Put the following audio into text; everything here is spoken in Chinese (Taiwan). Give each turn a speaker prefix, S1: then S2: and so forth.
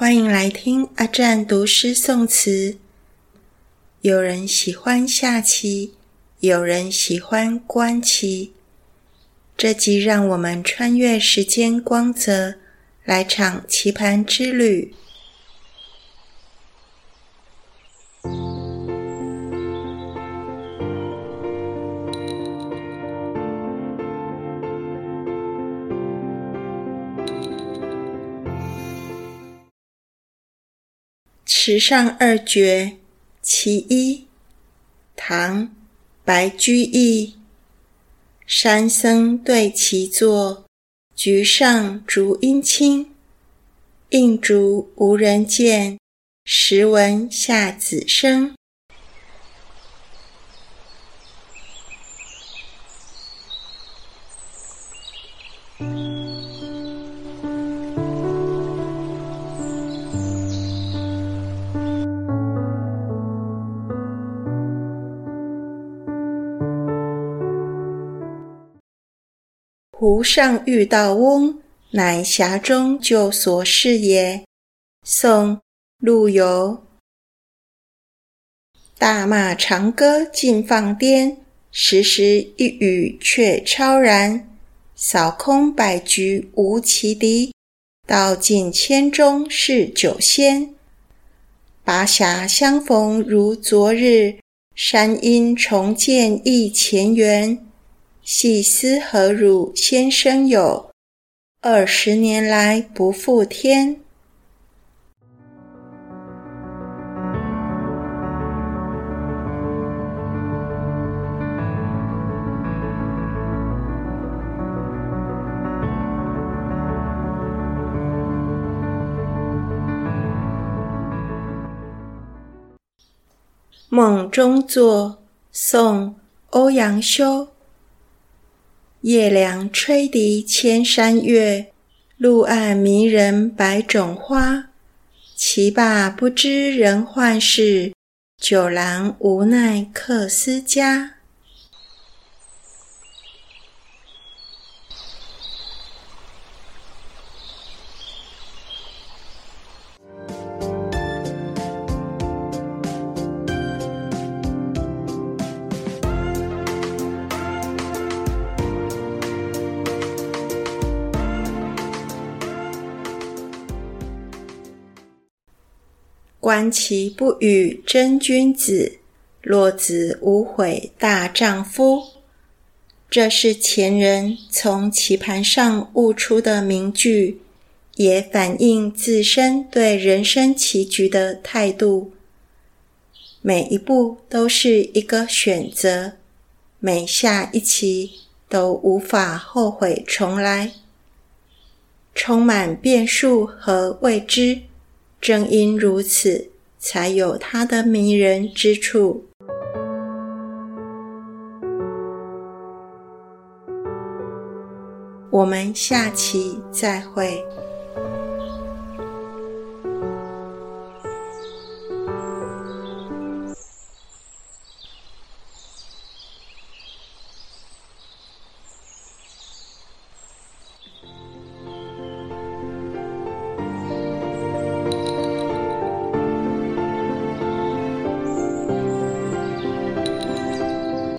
S1: 歡迎來聽阿占讀詩誦詞。有人喜歡下棋，有人喜歡觀棋。這集讓我們穿越時間光澤，來場棋盤之旅。《池上二絕》其一，唐·白居易。山僧對棋坐，局上竹陰清。映竹無人見，時聞下子聲。湖上遇道翁，乃峽中舊所識也。宋·陸游。大罵長歌盡放顛，時時一語卻超然。掃空百局無棋敵，倒盡千鍾是酒仙。巴峽相逢如昨日，山陰重見亦前緣。細思合辱先生友，二十年來不負天。夢中作，宋歐陽修。夜涼吹笛千山月，路暗迷人百種花。棋罷不知人換世，酒闌無奈客思家。觀棋不語真君子，落子無悔，大丈夫。這是前人從棋盤上悟出的名句，也反映自身對人生棋局的態度。每一步都是一個選擇，每下一棋都無法後悔重來，充滿變數和未知。正因如此，才有它的迷人之處。我們下期再會。